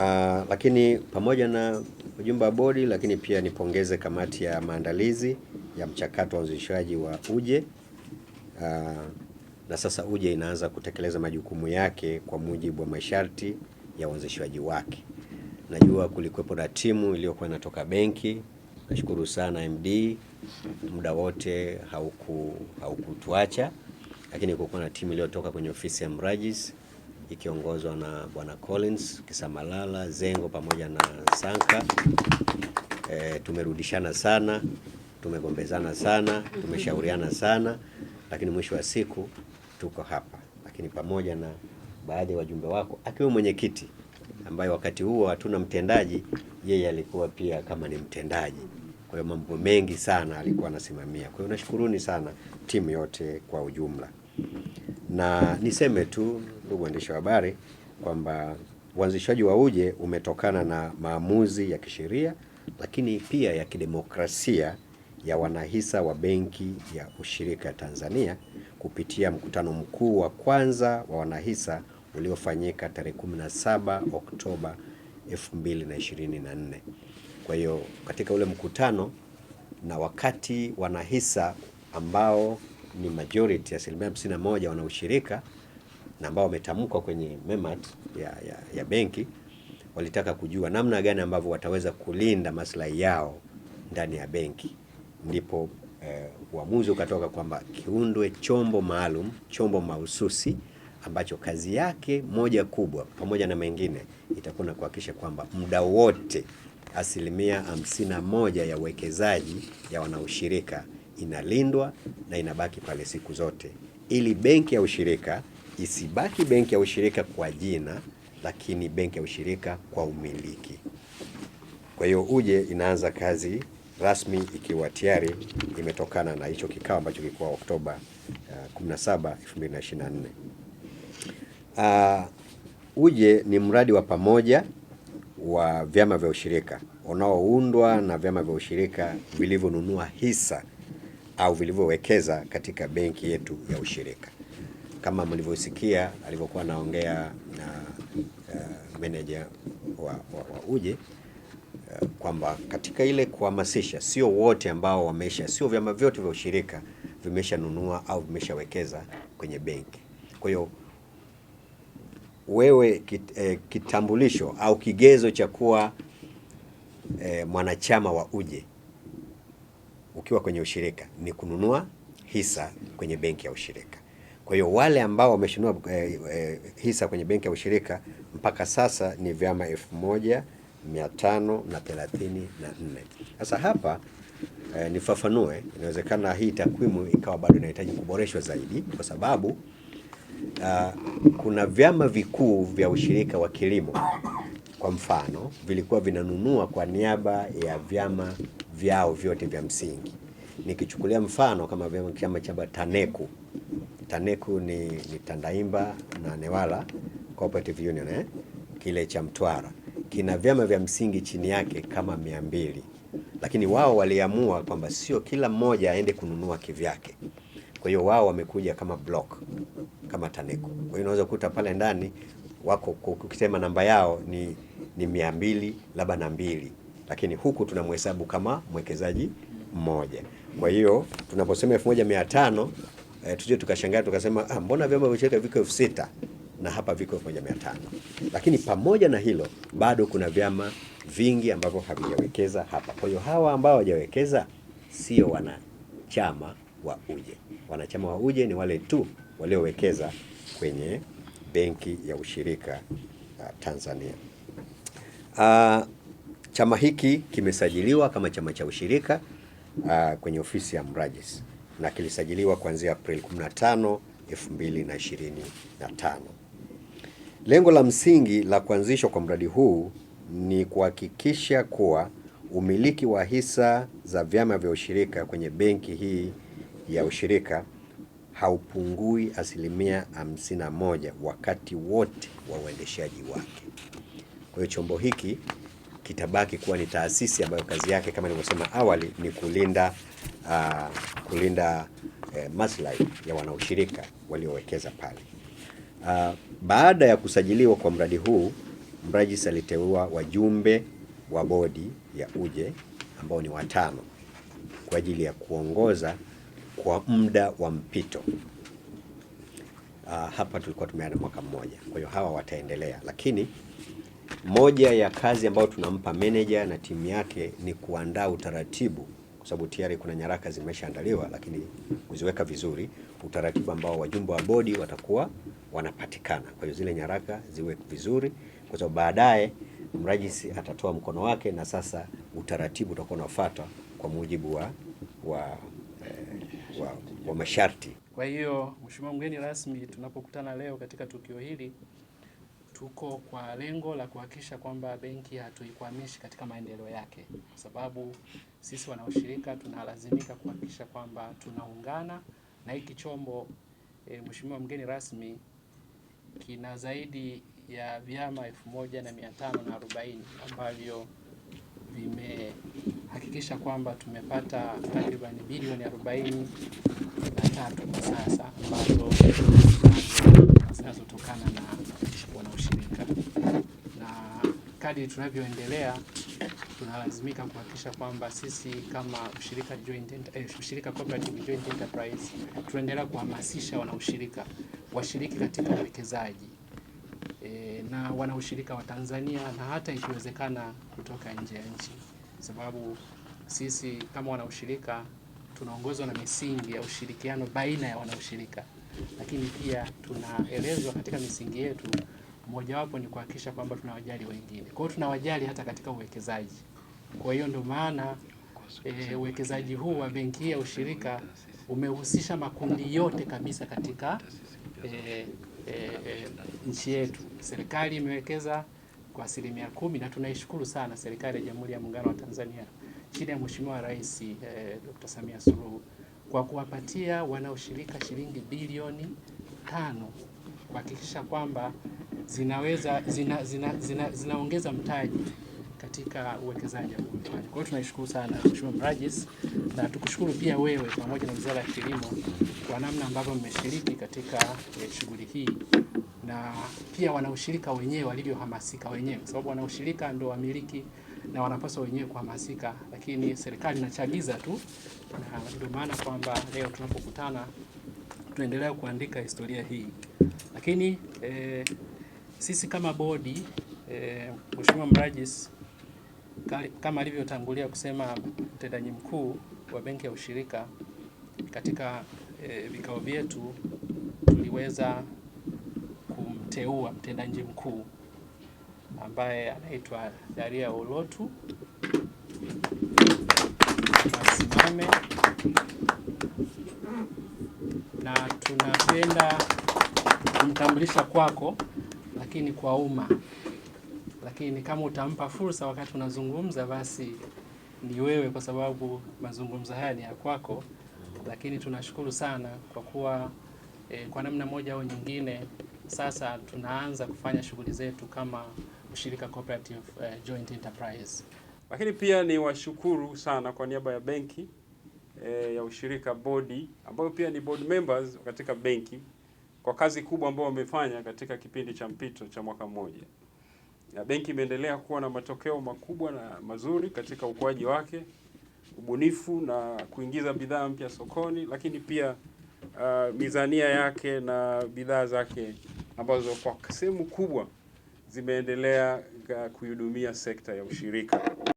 Uh, lakini pamoja na ujumbe wa bodi, lakini pia nipongeze kamati ya maandalizi ya mchakato wa uanzishaji wa uje uh, na sasa uje inaanza kutekeleza majukumu yake kwa mujibu wa masharti ya uanzishwaji wake. Najua kulikuwepo na timu iliyokuwa inatoka benki. Nashukuru sana MD, muda wote haukutuacha hauku, lakini kulikuwa na timu iliyotoka kwenye ofisi ya mrajis ikiongozwa na Bwana Collins Kisamalala Zengo pamoja na Sanka. E, tumerudishana sana, tumegombezana sana, tumeshauriana sana, lakini mwisho wa siku tuko hapa, lakini pamoja na baadhi ya wajumbe wako akiwa mwenyekiti ambaye wakati huo hatuna mtendaji, yeye alikuwa pia kama ni mtendaji. Kwa hiyo mambo mengi sana alikuwa anasimamia. Kwa hiyo nashukuruni sana timu yote kwa ujumla. Na niseme tu ndugu waandishi wa habari kwamba uanzishaji wa uje umetokana na maamuzi ya kisheria lakini pia ya kidemokrasia ya wanahisa wa Benki ya Ushirika Tanzania kupitia mkutano mkuu wa kwanza wa wanahisa uliofanyika tarehe 17 Oktoba 2024. Kwa hiyo katika ule mkutano na wakati wanahisa ambao ni majority asilimia 51 moja wana ushirika na ambao wametamkwa kwenye memat ya, ya, ya benki walitaka kujua namna gani ambavyo wataweza kulinda maslahi yao ndani ya benki. Ndipo eh, uamuzi ukatoka kwamba kiundwe chombo maalum, chombo mahususi ambacho kazi yake moja kubwa pamoja na mengine itakuwa na kuhakikisha kwamba muda wote asilimia hamsini na moja ya uwekezaji ya wanaushirika inalindwa na inabaki pale siku zote, ili benki ya ushirika isibaki benki ya ushirika kwa jina, lakini benki ya ushirika kwa umiliki. Kwa hiyo uje inaanza kazi rasmi ikiwa tayari imetokana na hicho kikao ambacho kilikuwa Oktoba uh, 17, 2024. Uh, uje ni mradi wa pamoja wa vyama vya ushirika unaoundwa na vyama vya ushirika vilivyonunua hisa au vilivyowekeza katika benki yetu ya ushirika. Kama mlivyosikia alivyokuwa anaongea na uh, meneja wa, wa, wa uje uh, kwamba katika ile kuhamasisha, sio wote ambao wamesha, sio vyama vyote vya ushirika vimeshanunua au vimeshawekeza kwenye benki. Kwa hiyo wewe kit, eh, kitambulisho au kigezo cha kuwa eh, mwanachama wa uje ukiwa kwenye ushirika ni kununua hisa kwenye benki ya ushirika. Kwa hiyo wale ambao wameshinua e, e, hisa kwenye benki ya ushirika mpaka sasa ni vyama elfu moja mia tano na thelathini na nne. Sasa hapa e, nifafanue, inawezekana hii takwimu ikawa bado inahitaji kuboreshwa zaidi kwa sababu uh, kuna vyama vikuu vya ushirika wa kilimo kwa mfano vilikuwa vinanunua kwa niaba ya vyama vyao vyote vya msingi. Nikichukulia mfano kama vyama chama cha Taneku, Taneku ni, ni Tandaimba na Newala Cooperative Union eh? Kile cha Mtwara kina vyama vya msingi chini yake kama mia mbili, lakini wao waliamua kwamba sio kila mmoja aende kununua kivyake. Kwa hiyo wao wamekuja kama block, kama Taneku. Kwa hiyo unaweza kukuta pale ndani wako, ukisema namba yao ni ni mia mbili labda na mbili lakini huku tunamhesabu kama mwekezaji mmoja. Kwa hiyo tunaposema elfu moja mia tano e, tuje tukashangaa tukasema ah, mbona vyama vya ushirika viko elfu sita na hapa viko elfu moja mia tano Lakini pamoja na hilo bado kuna vyama vingi ambavyo havijawekeza hapa. Kwa hiyo hawa ambao hawajawekeza sio wanachama wa uje. Wanachama wa uje ni wale tu waliowekeza kwenye benki ya ushirika ah, Tanzania. Uh, Chama hiki kimesajiliwa kama chama cha ushirika uh, kwenye ofisi ya mrajis na kilisajiliwa kuanzia Aprili 15, 2025. Lengo la msingi la kuanzishwa kwa mradi huu ni kuhakikisha kuwa umiliki wa hisa za vyama vya ushirika kwenye benki hii ya ushirika haupungui asilimia 51 wakati wote wa uendeshaji wake. Kwa hiyo chombo hiki kitabaki kuwa ni taasisi ambayo kazi yake kama nilivyosema awali ni kulinda, uh, kulinda uh, maslahi ya wanaushirika waliowekeza pale. Uh, baada ya kusajiliwa kwa mradi huu, mrajis aliteua wajumbe wa bodi ya uje ambao ni watano kwa ajili ya kuongoza kwa muda wa mpito. Uh, hapa tulikuwa tumeana mwaka mmoja, kwa hiyo hawa wataendelea, lakini moja ya kazi ambayo tunampa meneja na timu yake ni kuandaa utaratibu, kwa sababu tayari kuna nyaraka zimeshaandaliwa, lakini kuziweka vizuri, utaratibu ambao wajumbe wa bodi watakuwa wanapatikana. Kwa hiyo zile nyaraka ziwe vizuri, kwa sababu baadaye mrajisi atatoa mkono wake, na sasa utaratibu utakuwa unafuata kwa mujibu wa, wa, eh, wa, wa masharti. Kwa hiyo Mheshimiwa mgeni rasmi, tunapokutana leo katika tukio hili tuko kwa lengo la kuhakikisha kwamba benki hatuikwamishi katika maendeleo yake, kwa sababu sisi wanaoshirika tunalazimika kuhakikisha kwamba tunaungana na hiki chombo e, Mheshimiwa mgeni rasmi, kina zaidi ya vyama elfu moja na mia tano na arobaini ambavyo vimehakikisha kwamba tumepata takriban bilioni arobaini na tatu kwa sasa ambazo zinazotokana na wanaushirika, na kadri tunavyoendelea tunalazimika kuhakikisha kwamba sisi kama ushirika joint eh, ushirika cooperative joint enterprise tunaendelea kuhamasisha wanaushirika washiriki katika uwekezaji e, na wanaushirika wa Tanzania na hata ikiwezekana kutoka nje ya nchi, sababu sisi kama wanaushirika tunaongozwa na misingi ya ushirikiano baina ya wanaushirika lakini pia tunaelezwa katika misingi yetu, mojawapo ni kuhakikisha kwamba tunawajali wengine. Kwa hiyo tunawajali hata katika uwekezaji. Kwa hiyo ndio maana e, uwekezaji huu wa benki ya ushirika umehusisha makundi yote kabisa katika e, e, e, nchi yetu. Serikali imewekeza kwa asilimia kumi na tunaishukuru sana serikali ya Jamhuri ya Muungano wa Tanzania chini ya Mheshimiwa Rais e, Dr. Samia Suluhu kwa kuwapatia wanaoshirika shilingi bilioni tano kuhakikisha kwamba zinaweza zina, zina, zina, zinaongeza mtaji katika uwekezaji wa viwanda. Kwa hiyo tunashukuru sana Mheshimiwa Mrajis na tukushukuru pia wewe pamoja na Wizara ya Kilimo kwa namna ambavyo mmeshiriki katika eh, shughuli hii na pia wanaushirika wenyewe walivyohamasika wenyewe, kwa sababu wanaushirika ndio wamiliki na wanapaswa wenyewe kuhamasika, lakini serikali inachagiza tu, na ndio maana kwamba leo tunapokutana tunaendelea kuandika historia hii. Lakini e, sisi kama bodi e, Mheshimiwa Mrajis kama alivyotangulia kusema mtendaji mkuu wa benki ya ushirika, katika e, vikao vyetu tuliweza kumteua mtendaji mkuu ambaye anaitwa Daria Olotu wasimame, na tunapenda kumtambulisha kwako, lakini kwa umma. Lakini kama utampa fursa wakati unazungumza, basi ni wewe, kwa sababu mazungumzo haya ni ya kwako. Lakini tunashukuru sana kwa kuwa eh, kwa namna moja au nyingine sasa tunaanza kufanya shughuli zetu kama ushirika cooperative uh, joint enterprise. Lakini pia ni washukuru sana kwa niaba ya benki e, ya ushirika bodi ambayo pia ni board members katika benki kwa kazi kubwa ambayo wamefanya katika kipindi cha mpito cha mwaka mmoja. Na benki imeendelea kuwa na matokeo makubwa na mazuri katika ukuaji wake, ubunifu na kuingiza bidhaa mpya sokoni, lakini pia uh, mizania yake na bidhaa zake ambazo kwa sehemu kubwa zimeendelea uh, kuihudumia sekta ya ushirika.